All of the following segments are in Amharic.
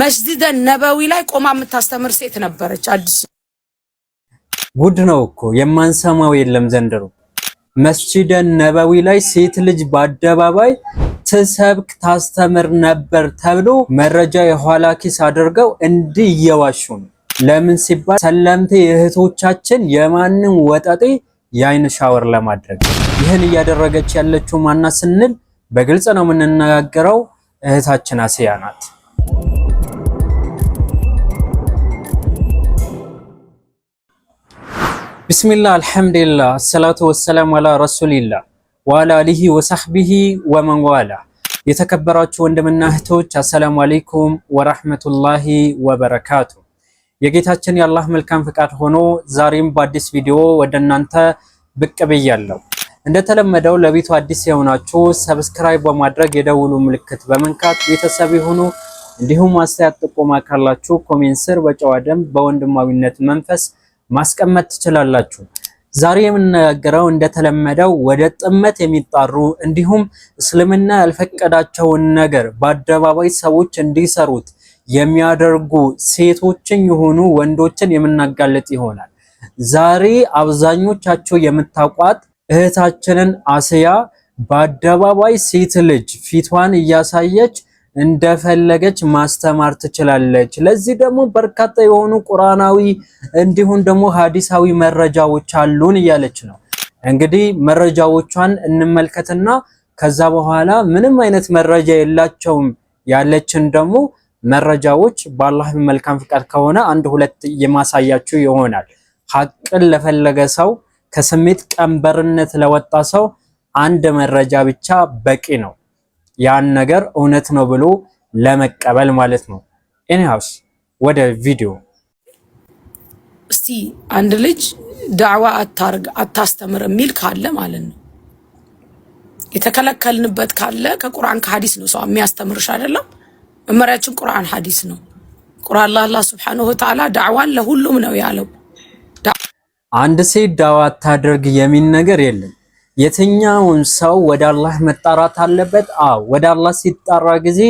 መስጂደ ነበዊ ላይ ቆማ የምታስተምር ሴት ነበረች። አዲስ ጉድ ነው እኮ የማንሰማው የለም ዘንድሮ። መስጂደ ነበዊ ላይ ሴት ልጅ በአደባባይ ትሰብክ ታስተምር ነበር ተብሎ መረጃ የኋላ ኪስ አድርገው እንዲህ እየዋሹ ነው። ለምን ሲባል ሰለምቴ እህቶቻችን የማንም ወጠጤ የአይን ሻወር ለማድረግ ይህን እያደረገች ያለችው ማና ስንል በግልጽ ነው የምንነጋገረው። እህታችን አስያ ናት። ብስሚላ አልሐምዱሊላ አሰላቱ ወሰላም አላ ረሱሊላ ዋላ አሊሂ ወሳህቢሂ ወመንዋላ። የተከበራችሁ ወንድምና እህቶች አሰላሙ አሌይኩም ወራህመቱላሂ ወበረካቱ። የጌታችን የአላህ መልካም ፍቃድ ሆኖ ዛሬም በአዲስ ቪዲዮ ወደ እናንተ ብቅ ብያለሁ። እንደተለመደው ለቤቱ አዲስ የሆናችሁ ሰብስክራይብ በማድረግ የደውሉ ምልክት በመንካት ቤተሰብ የሆኑ እንዲሁም አስተያየት ጥቆማ ካላችሁ ኮሜንት ስር በጨዋ ደንብ በወንድማዊነት መንፈስ ማስቀመጥ ትችላላችሁ። ዛሬ የምንነጋገረው እንደተለመደው ወደ ጥመት የሚጣሩ እንዲሁም እስልምና ያልፈቀዳቸውን ነገር በአደባባይ ሰዎች እንዲሰሩት የሚያደርጉ ሴቶችን የሆኑ ወንዶችን የምናጋለጥ ይሆናል። ዛሬ አብዛኞቻቸው የምታውቋት እህታችንን አስያ በአደባባይ ሴት ልጅ ፊቷን እያሳየች እንደፈለገች ማስተማር ትችላለች። ለዚህ ደግሞ በርካታ የሆኑ ቁርአናዊ እንዲሁም ደግሞ ሀዲሳዊ መረጃዎች አሉን እያለች ነው። እንግዲህ መረጃዎቿን እንመልከትና ከዛ በኋላ ምንም አይነት መረጃ የላቸውም ያለችን ደግሞ መረጃዎች በአላህ መልካም ፍቃድ ከሆነ አንድ ሁለት የማሳያችሁ ይሆናል። ሀቅን ለፈለገ ሰው ከስሜት ቀንበርነት ለወጣ ሰው አንድ መረጃ ብቻ በቂ ነው። ያን ነገር እውነት ነው ብሎ ለመቀበል ማለት ነው። ኢንሃውስ ወደ ቪዲዮ እስቲ አንድ ልጅ ዳዕዋ አታርግ አታስተምር የሚል ካለ ማለት ነው የተከለከልንበት ካለ ከቁርአን ከሀዲስ ነው ሰው የሚያስተምርሽ አይደለም። መመሪያችን ቁርአን ሀዲስ ነው። ቁርአን አላህ ሱብሓነሁ ወተዓላ ዳዕዋን ለሁሉም ነው ያለው። አንድ ሴት ዳዕዋ አታደርግ የሚል ነገር የለም። የትኛውን ሰው ወደ አላህ መጣራት አለበት? አዎ። ወደ አላህ ሲጣራ ጊዜ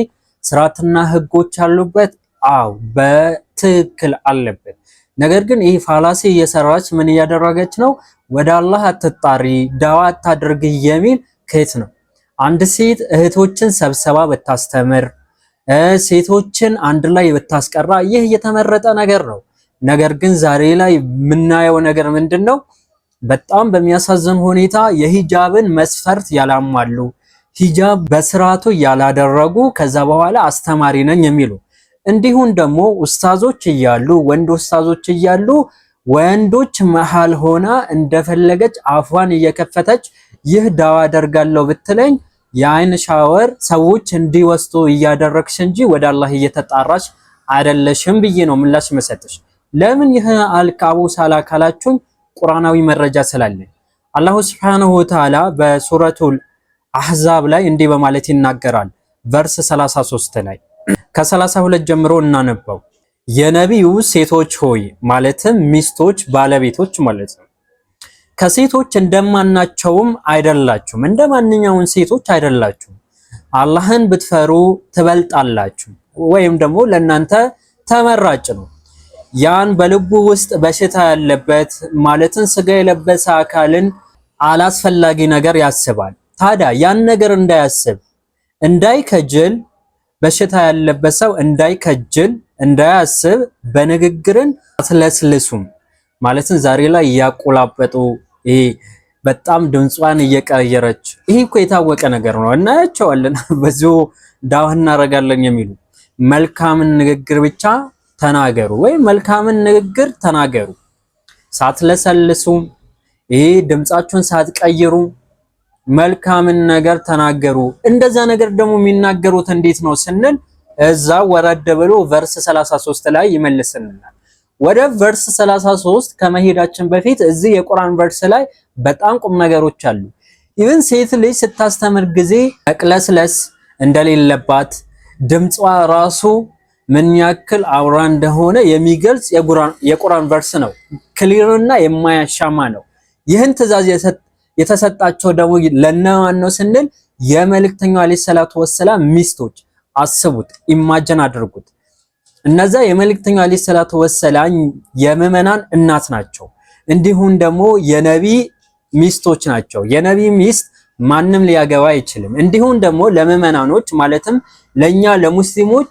ስርዓትና ህጎች አሉበት? አዎ፣ በትክክል አለበት። ነገር ግን ይህ ፋላሲ እየሰራች ምን እያደረገች ነው? ወደ አላህ አትጣሪ፣ ዳዋ አታድርግ የሚል ከየት ነው? አንድ ሴት እህቶችን ሰብሰባ ብታስተምር፣ ሴቶችን አንድ ላይ ብታስቀራ ይህ የተመረጠ ነገር ነው። ነገር ግን ዛሬ ላይ የምናየው ነገር ምንድን ነው? በጣም በሚያሳዝን ሁኔታ የሂጃብን መስፈርት ያላሟሉ ሂጃብ በስርዓቱ ያላደረጉ ከዛ በኋላ አስተማሪ ነኝ የሚሉ እንዲሁም ደግሞ ኡስታዞች እያሉ ወንድ ኡስታዞች እያሉ ወንዶች መሃል ሆና እንደፈለገች አፏን እየከፈተች ይህ ዳዋ አደርጋለሁ ብትለኝ የአይን ሻወር ሰዎች እንዲወስጡ እያደረግሽ እንጂ ወደ አላህ እየተጣራሽ አይደለሽም ብዬ ነው ምላሽ መሰጠሽ። ለምን ይህ አልቃቡ ሳላ ቁርአናዊ መረጃ ስላለ አላሁ ሱብሓነሁ ወተዓላ በሱረቱል አህዛብ ላይ እንዲህ በማለት ይናገራል። ቨርስ 33 ላይ ከ32 ጀምሮ እናነባው። የነቢዩ ሴቶች ሆይ ማለትም ሚስቶች፣ ባለቤቶች ማለት ነው። ከሴቶች እንደማናቸውም አይደላችሁም፣ እንደማንኛውም ሴቶች አይደላችሁም። አላህን ብትፈሩ ትበልጣላችሁ፣ ወይም ደግሞ ለእናንተ ተመራጭ ነው። ያን በልቡ ውስጥ በሽታ ያለበት ማለትን ስጋ የለበሰ አካልን አላስፈላጊ ነገር ያስባል። ታዲያ ያን ነገር እንዳያስብ እንዳይከጅል በሽታ ያለበት ሰው እንዳይከጅል እንዳያስብ በንግግርን አትለስልሱም። ማለትን ዛሬ ላይ እያቆላበጡ ይሄ በጣም ድምጿን እየቀየረች ይሄ እኮ የታወቀ ነገር ነው፣ እናያቸዋለን። በዚሁ ዳዋ እናደርጋለን የሚሉ መልካምን ንግግር ብቻ ተናገሩ ወይም መልካምን ንግግር ተናገሩ። ሳትለሰልሱ፣ ይህ ድምጻችሁን ሳትቀይሩ መልካምን ነገር ተናገሩ። እንደዛ ነገር ደግሞ የሚናገሩት እንዴት ነው ስንል እዛ ወረድ ብሎ ቨርስ 33 ላይ ይመልስልናል። ወደ ቨርስ 33 ከመሄዳችን በፊት እዚህ የቁርአን ቨርስ ላይ በጣም ቁም ነገሮች አሉ። ኢቭን ሴት ልጅ ስታስተምር ጊዜ መቅለስለስ እንደሌለባት ድምጿ ራሱ ምን ያክል አውራ እንደሆነ የሚገልጽ የቁርአን ቨርስ ነው። ክሊርና የማያሻማ ነው። ይህን ትእዛዝ የተሰጣቸው ደግሞ ለነማን ነው ስንል የመልእክተኛው አለይሂ ሰላቱ ወሰላም ሚስቶች። አስቡት፣ ኢማጅን አድርጉት። እነዛ የመልእክተኛው አለይሂ ሰላቱ ወሰላም የምዕመናን እናት ናቸው። እንዲሁም ደግሞ የነቢ ሚስቶች ናቸው። የነቢ ሚስት ማንም ሊያገባ አይችልም። እንዲሁም ደግሞ ለምዕመናኖች ማለትም ለኛ ለሙስሊሞች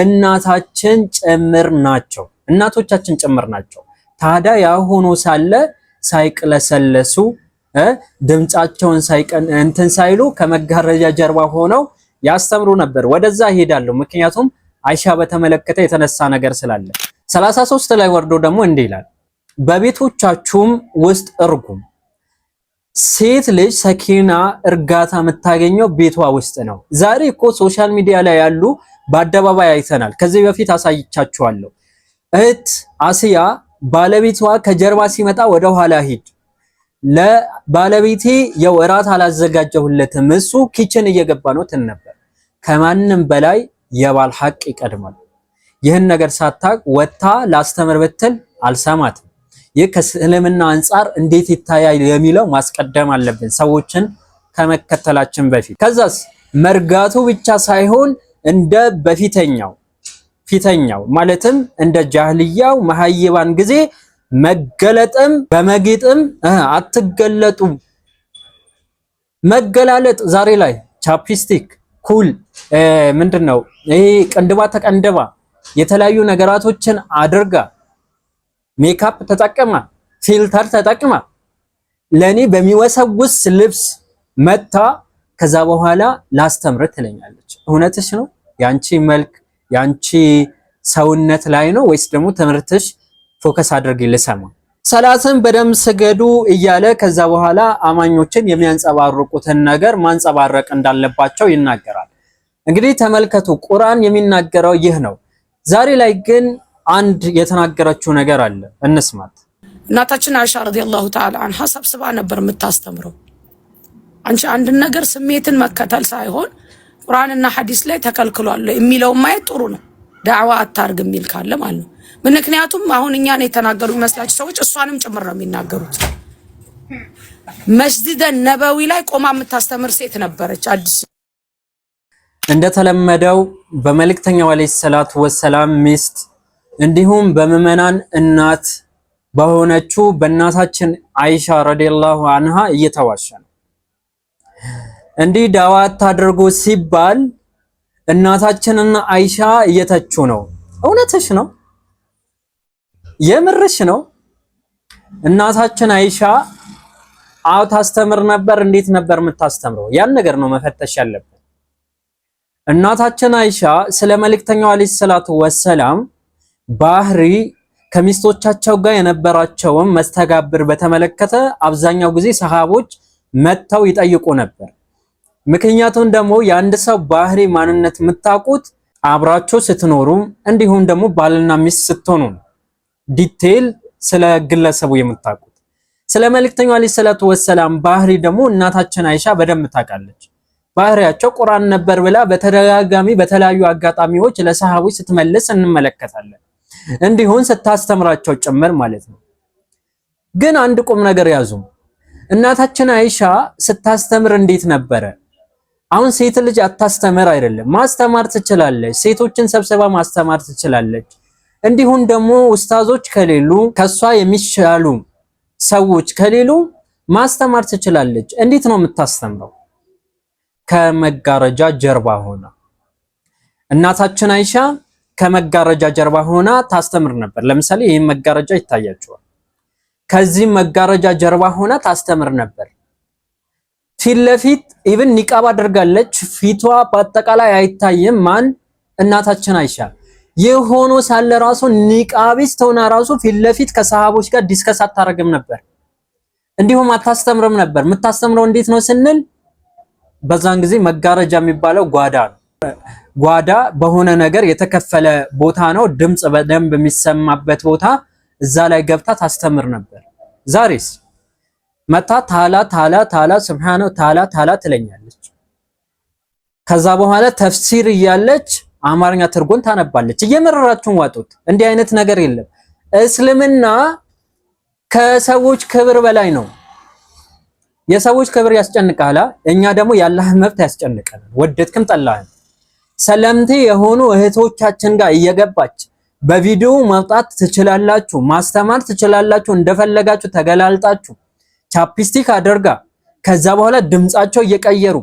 እናታችን ጭምር ናቸው፣ እናቶቻችን ጭምር ናቸው። ታዲያ ያ ሆኖ ሳለ ሳይቅለሰለሱ ድምፃቸውን ሳይቀን እንትን ሳይሉ ከመጋረጃ ጀርባ ሆነው ያስተምሩ ነበር። ወደዛ እሄዳለሁ፣ ምክንያቱም አይሻ በተመለከተ የተነሳ ነገር ስላለ። 33 ላይ ወርዶ ደግሞ እንዲህ ይላል፣ በቤቶቻችሁም ውስጥ እርጉም። ሴት ልጅ ሰኪና እርጋታ የምታገኘው ቤቷ ውስጥ ነው። ዛሬ እኮ ሶሻል ሚዲያ ላይ ያሉ በአደባባይ አይተናል። ከዚህ በፊት አሳይቻችኋለሁ። እህት አስያ ባለቤቷ ከጀርባ ሲመጣ ወደ ኋላ ሂድ፣ ለባለቤቴ የወራት አላዘጋጀሁለትም እሱ ኪችን እየገባ ነው ትን ነበር። ከማንም በላይ የባል ሀቅ ይቀድማል። ይህን ነገር ሳታቅ ወታ ላስተምር ብትል አልሰማትም። ይህ ከእስልምና አንጻር እንዴት ይታያል የሚለው ማስቀደም አለብን ሰዎችን ከመከተላችን በፊት ከዛስ መርጋቱ ብቻ ሳይሆን እንደ በፊተኛው ፊተኛው ማለትም እንደ ጃህልያው መሀይባን ጊዜ መገለጥም በመጌጥም አትገለጡም። መገላለጥ ዛሬ ላይ ቻፕስቲክ ኩል ምንድን ነው ይሄ ቅንድባ ተቀንድባ የተለያዩ ነገራቶችን አድርጋ ሜካፕ ተጠቅማ ፊልተር ተጠቅማ ለኔ በሚወሰውስ ልብስ መታ ከዛ በኋላ ላስተምር ትለኛለች። እውነትሽ ነው? ያንቺ መልክ ያንቺ ሰውነት ላይ ነው ወይስ ደግሞ ትምህርትሽ ፎከስ አድርጊ ልሰማ? ሰላትን በደንብ ስገዱ እያለ ከዛ በኋላ አማኞችን የሚያንጸባርቁትን ነገር ማንጸባረቅ እንዳለባቸው ይናገራል። እንግዲህ ተመልከቱ፣ ቁርአን የሚናገረው ይህ ነው። ዛሬ ላይ ግን አንድ የተናገረችው ነገር አለ፣ እንስማት። እናታችን አይሻ ረዲየላሁ ተዓላ አንሃ ሰብስባ ነበር የምታስተምረው አንቺ አንድን ነገር ስሜትን መከተል ሳይሆን ቁርአንና ሐዲስ ላይ ተከልክሏል የሚለው ማየት ጥሩ ነው። ዳዕዋ አታርግ የሚል ካለ ማለት ነው። ምክንያቱም አሁን እኛን የተናገሩ ይመስላችሁ ሰዎች እሷንም ጭምር ነው የሚናገሩት። መስጂደ ነበዊ ላይ ቆማ የምታስተምር ሴት ነበረች። አዲስ እንደተለመደው በመልእክተኛው አለይሂ ሰላቱ ወሰላም ሚስት እንዲሁም በምዕመናን እናት በሆነችው በእናታችን አይሻ ረዲየላሁ አንሃ እየተዋሸ ነው። እንዲህ ዳዋ አታድርጉ ሲባል እናታችንና አይሻ እየተቹ ነው። እውነትሽ ነው፣ የምርሽ ነው። እናታችን አይሻ አው ታስተምር ነበር። እንዴት ነበር የምታስተምረው? ያን ነገር ነው መፈተሽ ያለብን። እናታችን አይሻ ስለ መልእክተኛው አለይሂ ሰላቱ ወሰላም ባህሪ ከሚስቶቻቸው ጋር የነበራቸውን መስተጋብር በተመለከተ አብዛኛው ጊዜ ሰሃቦች መጥተው ይጠይቁ ነበር። ምክንያቱም ደግሞ የአንድ ሰው ባህሪ ማንነት የምታውቁት አብራችሁ ስትኖሩ እንዲሁም ደግሞ ባልና ሚስት ስትሆኑ ዲቴይል ስለ ግለሰቡ የምታውቁት። ስለ መልእክተኛው አለይሂ ሰላቱ ወሰላም ባህሪ ደግሞ እናታችን አይሻ በደንብ ታውቃለች። ባህሪያቸው ቁርአን ነበር ብላ በተደጋጋሚ በተለያዩ አጋጣሚዎች ለሰሃቦች ስትመልስ እንመለከታለን። እንዲሁም ስታስተምራቸው ጭምር ማለት ነው። ግን አንድ ቁም ነገር ያዙም። እናታችን አይሻ ስታስተምር እንዴት ነበረ? አሁን ሴት ልጅ አታስተምር አይደለም፣ ማስተማር ትችላለች። ሴቶችን ሰብስባ ማስተማር ትችላለች። እንዲሁም ደግሞ ኡስታዞች ከሌሉ ከሷ የሚሻሉ ሰዎች ከሌሉ ማስተማር ትችላለች። እንዴት ነው የምታስተምረው? ከመጋረጃ ጀርባ ሆና እናታችን አይሻ ከመጋረጃ ጀርባ ሆና ታስተምር ነበር። ለምሳሌ ይህም መጋረጃ ይታያቸዋል። ከዚህም መጋረጃ ጀርባ ሆና ታስተምር ነበር። ፊት ለፊት ኢቭን ኒቃብ አድርጋለች። ፊቷ በአጠቃላይ አይታይም። ማን እናታችን አይሻ የሆኖ ሳለ ራሱ ኒቃቢስ ተሆና ራሱ ፊት ለፊት ከሰሃቦች ጋር ዲስከስ አታረግም ነበር፣ እንዲሁም አታስተምርም ነበር። የምታስተምረው እንዴት ነው ስንል በዛን ጊዜ መጋረጃ የሚባለው ጓዳ ነው። ጓዳ በሆነ ነገር የተከፈለ ቦታ ነው፣ ድምፅ በደንብ የሚሰማበት ቦታ እዛ ላይ ገብታ ታስተምር ነበር። ዛሬስ መታ ታላ ታላ ታላ ስብሓነ ታላ ታላ ትለኛለች። ከዛ በኋላ ተፍሲር እያለች አማርኛ ትርጉም ታነባለች። እየመረራችሁን ዋጡት። እንዲህ አይነት ነገር የለም። እስልምና ከሰዎች ክብር በላይ ነው። የሰዎች ክብር ያስጨንቃላ። እኛ ደግሞ የአላህን መብት ያስጨንቀናል። ወደድክም ጠላህም ሰለምቴ የሆኑ እህቶቻችን ጋር እየገባች በቪዲዮ ማውጣት ትችላላችሁ፣ ማስተማር ትችላላችሁ። እንደፈለጋችሁ ተገላልጣችሁ ቻፕስቲክ አድርጋ ከዛ በኋላ ድምጻቸው እየቀየሩ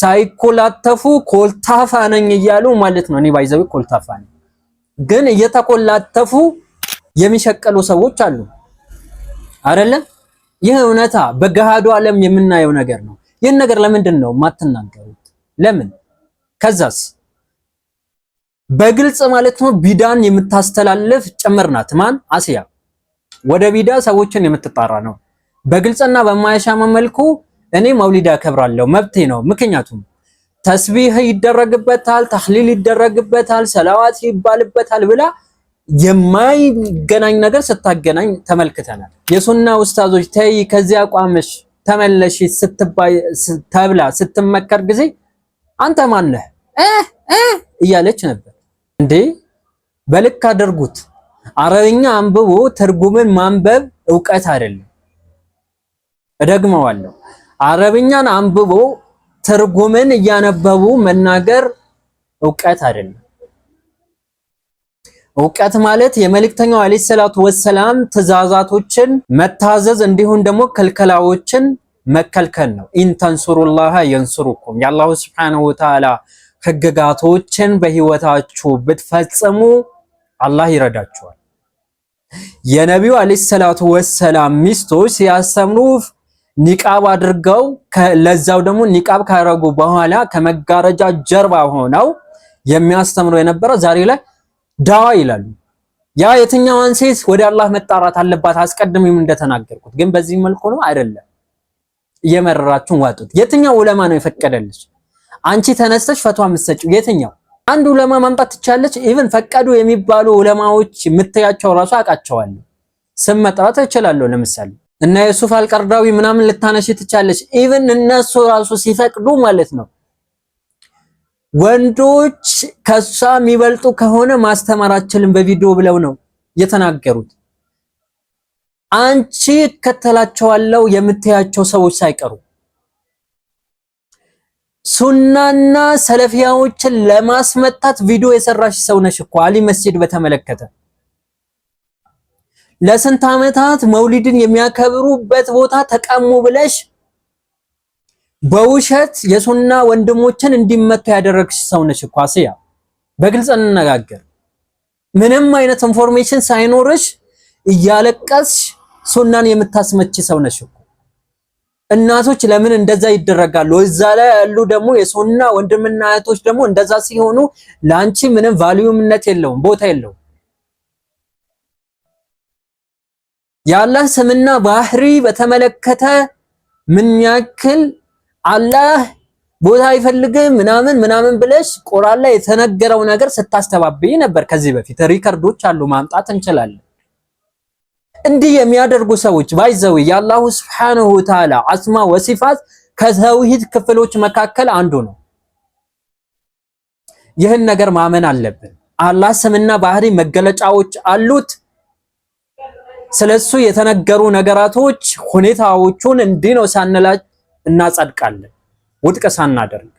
ሳይኮላተፉ ኮልታፋ ነኝ እያሉ ማለት ነው። እኔ ባይዘው ኮልታፋ ነኝ፣ ግን እየተኮላተፉ የሚሸቀሉ ሰዎች አሉ አይደለ? ይህ እውነታ በገሃዱ ዓለም የምናየው ነገር ነው። ይህን ነገር ለምንድን ነው የማትናገሩት? ለምን ከዛስ በግልጽ ማለት ነው ቢዳን የምታስተላልፍ ጭምር ናት። ማን አሲያ ወደ ቢዳ ሰዎችን የምትጣራ ነው። በግልጽና በማያሻማ መልኩ እኔ መውሊድ አከብራለሁ መብቴ ነው። ምክንያቱም ተስቢህ ይደረግበታል፣ ተህሊል ይደረግበታል፣ ሰላዋት ይባልበታል ብላ የማይገናኝ ነገር ስታገናኝ ተመልክተናል። የሱና ኡስታዞች ተይ ከዚያ አቋምሽ ተመለሽ ተብላ ስትመከር ጊዜ አንተ ማን ነህ እያለች ነበር። እንዴ በልክ አድርጉት። አረብኛ አንብቦ ትርጉምን ማንበብ እውቀት አይደለም። እደግመዋለሁ። አረብኛን አንብቦ ትርጉምን እያነበቡ መናገር እውቀት አይደለም። እውቀት ማለት የመልእክተኛው አለይሂ ሰላቱ ወሰላም ትእዛዛቶችን መታዘዝ እንዲሁም ደግሞ ክልከላዎችን መከልከል ነው። ኢንተንሱሩላህ የንሱሩኩም የአላሁ ስብሐነሁ ወተዓላ ህግጋቶችን በህይወታችሁ ብትፈጽሙ አላህ ይረዳችኋል። የነቢዩ አለይሂ ሰላቱ ወሰላም ሚስቶች ሲያስተምሩ ኒቃብ አድርገው ለዛው ደግሞ ኒቃብ ካረጉ በኋላ ከመጋረጃ ጀርባ ሆነው የሚያስተምሩ የነበረ ዛሬ ላይ ዳዋ ይላሉ። ያ የትኛዋን ሴት ወደ አላህ መጣራት አለባት? አስቀድሜም እንደተናገርኩት ግን በዚህ መልኩ ነው አይደለም። እየመረራችሁን ዋጡት። የትኛው ዑለማ ነው የፈቀደልሽ? አንቺ ተነስተሽ ፈቷ የምትሰጪው የትኛው አንድ ዑለማ ማምጣት ትቻለች። ኢቭን ፈቀዱ የሚባሉ ዑለማዎች የምትያቸው ራሱ አውቃቸዋለሁ። ስም መጥራት እችላለሁ። ለምሳሌ እና የሱፍ አልቀርዳዊ ምናምን ልታነሽ ትቻለች። ኢቭን እነሱ ራሱ ሲፈቅዱ ማለት ነው። ወንዶች ከሷ የሚበልጡ ከሆነ ማስተማራችልን በቪዲዮ ብለው ነው የተናገሩት። አንቺ እከተላቸዋለሁ የምትያቸው ሰዎች ሳይቀሩ ሱናና ሰለፊያዎችን ለማስመታት ቪዲዮ የሰራሽ ሰው ነሽ እኮ አሊ መስጂድ በተመለከተ ለስንት ዓመታት መውሊድን የሚያከብሩበት ቦታ ተቀሙ ብለሽ በውሸት የሱና ወንድሞችን እንዲመቱ ያደረግሽ ሰው ነሽ እኮ አስያ። በግልጽ እንነጋገር። ምንም አይነት ኢንፎርሜሽን ሳይኖርሽ እያለቀስሽ ሱናን የምታስመች ሰው ነሽ እኮ እናቶች ለምን እንደዛ ይደረጋሉ? እዛ ላይ ያሉ ደግሞ የሶና ወንድምና እህቶች ደግሞ እንደዛ ሲሆኑ ለአንቺ ምንም ቫልዩምነት የለውም፣ ቦታ የለውም። የአላህ ስምና ባህሪ በተመለከተ ምን ያክል አላህ ቦታ አይፈልግም ምናምን ምናምን ብለሽ ቁርአን ላይ የተነገረው ነገር ስታስተባብይ ነበር ከዚህ በፊት ሪከርዶች አሉ፣ ማምጣት እንችላለን። እንዲህ የሚያደርጉ ሰዎች ባይዘዊ የአላሁ ስብሓነሁ ተዓላ አስማ ወሲፋት ከተውሂድ ክፍሎች መካከል አንዱ ነው። ይህን ነገር ማመን አለብን። አላህ ስምና ባህሪ መገለጫዎች አሉት። ስለሱ የተነገሩ ነገራቶች ሁኔታዎቹን እንዲህ ነው ሳንላጭ እናጸድቃለን፣ ውድቅ ሳናደርግ፣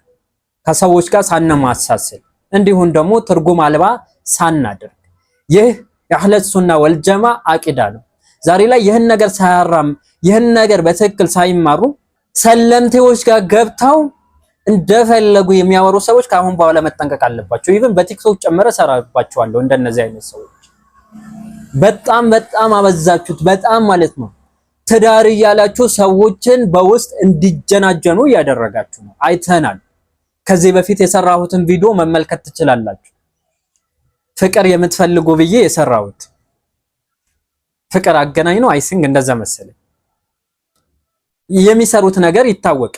ከሰዎች ጋር ሳንማሳሰል፣ እንዲሁም ደግሞ ትርጉም አልባ ሳናደርግ። ይህ የአህለ ሱና ወልጀማ አቂዳ ነው። ዛሬ ላይ ይህን ነገር ሳያራም ይህን ነገር በትክክል ሳይማሩ ሰለምቴዎች ጋር ገብተው እንደፈለጉ የሚያወሩ ሰዎች ከአሁን በኋላ መጠንቀቅ አለባቸው። ኢቭን በቲክቶክ ጨምረ ሰራባቸዋለሁ። እንደነዚህ አይነት ሰዎች በጣም በጣም አበዛችሁት፣ በጣም ማለት ነው። ትዳር እያላችሁ ሰዎችን በውስጥ እንዲጀናጀኑ እያደረጋችሁ ነው። አይተናል። ከዚህ በፊት የሰራሁትን ቪዲዮ መመልከት ትችላላችሁ። ፍቅር የምትፈልጉ ብዬ የሰራሁት ፍቅር አገናኝ ነው። አይሲንግ እንደዛ መሰለ የሚሰሩት ነገር ይታወቅ።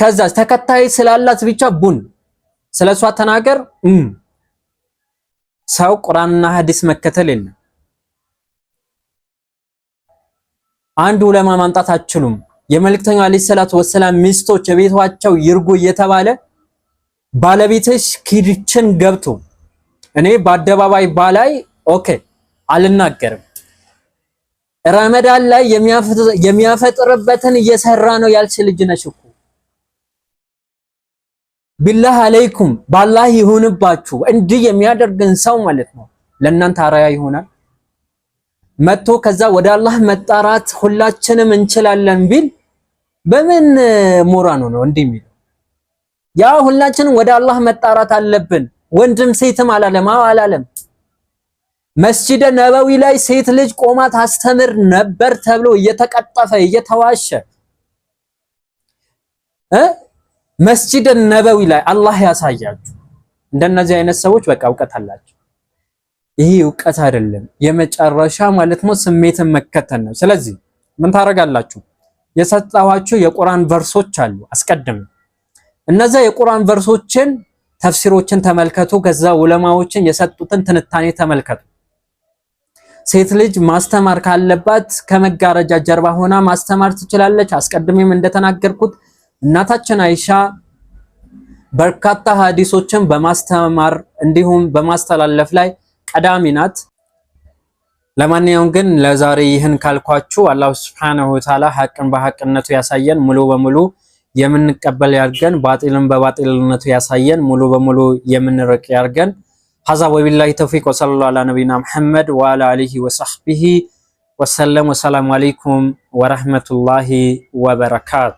ከዛ ተከታይ ስላላት ብቻ ቡን ስለሷ ተናገር። ሰው ቁርአንና ሐዲስ መከተል የለም። አንድ ዑለማ ማምጣት አችሉም። የመልእክተኛው አለይሂ ሰላቱ ወሰላም ሚስቶች የቤቷቸው ይርጉ እየተባለ ባለቤትሽ ኪችን ገብቶ እኔ በአደባባይ ባላይ ኦኬ አልናገርም። ረመዳን ላይ የሚያፈጥርበትን እየሰራ ነው ያልች ልጅ ነሽ እኮ ቢላህ አለይኩም ባላህ ይሁንባችሁ። እንዲህ የሚያደርግን ሰው ማለት ነው ለእናንተ አራያ ይሆናል። መጥቶ ከዛ ወደ አላህ መጣራት ሁላችንም እንችላለን ቢል በምን ሞራኑ ነው እንዲህ የሚለው? ያ ሁላችንም ወደ አላህ መጣራት አለብን። ወንድም ሴትም አላለም አላለም መስጂደ ነበዊ ላይ ሴት ልጅ ቆማ ታስተምር ነበር ተብሎ እየተቀጠፈ እየተዋሸ እ መስጂደ ነበዊ ላይ አላህ ያሳያችሁ። እንደነዚህ አይነት ሰዎች በቃ እውቀት አላቸው። ይሄ እውቀት አይደለም፣ የመጨረሻ ማለት ነው ስሜትን መከተል ነው። ስለዚህ ምን ታደርጋላችሁ? የሰጣኋችሁ የቁርአን ቨርሶች አሉ አስቀድም እነዛ የቁርአን ቨርሶችን ተፍሲሮችን ተመልከቱ። ከዛ ዑለማዎችን የሰጡትን ትንታኔ ተመልከቱ። ሴት ልጅ ማስተማር ካለባት ከመጋረጃ ጀርባ ሆና ማስተማር ትችላለች። አስቀድሜም እንደተናገርኩት እናታችን አይሻ በርካታ ሀዲሶችን በማስተማር እንዲሁም በማስተላለፍ ላይ ቀዳሚ ናት። ለማንኛውም ግን ለዛሬ ይህን ካልኳችሁ አላሁ ሱብሓነሁ ወተዓላ ሐቅን በሐቅነቱ ያሳየን፣ ሙሉ በሙሉ የምንቀበል ያርገን፣ ባጢልን በባጢልነቱ ያሳየን፣ ሙሉ በሙሉ የምንርቅ ያርገን። ሀዛ ወቢላሂ ተውፊቅ ወሰለ ላሁ አላ ነቢና መሐመድ ወአላ አሊሂ ወሰሕቢሂ ወሰለም። ወሰላሙ አለይኩም ወረህመቱላሂ ወበረካቱ።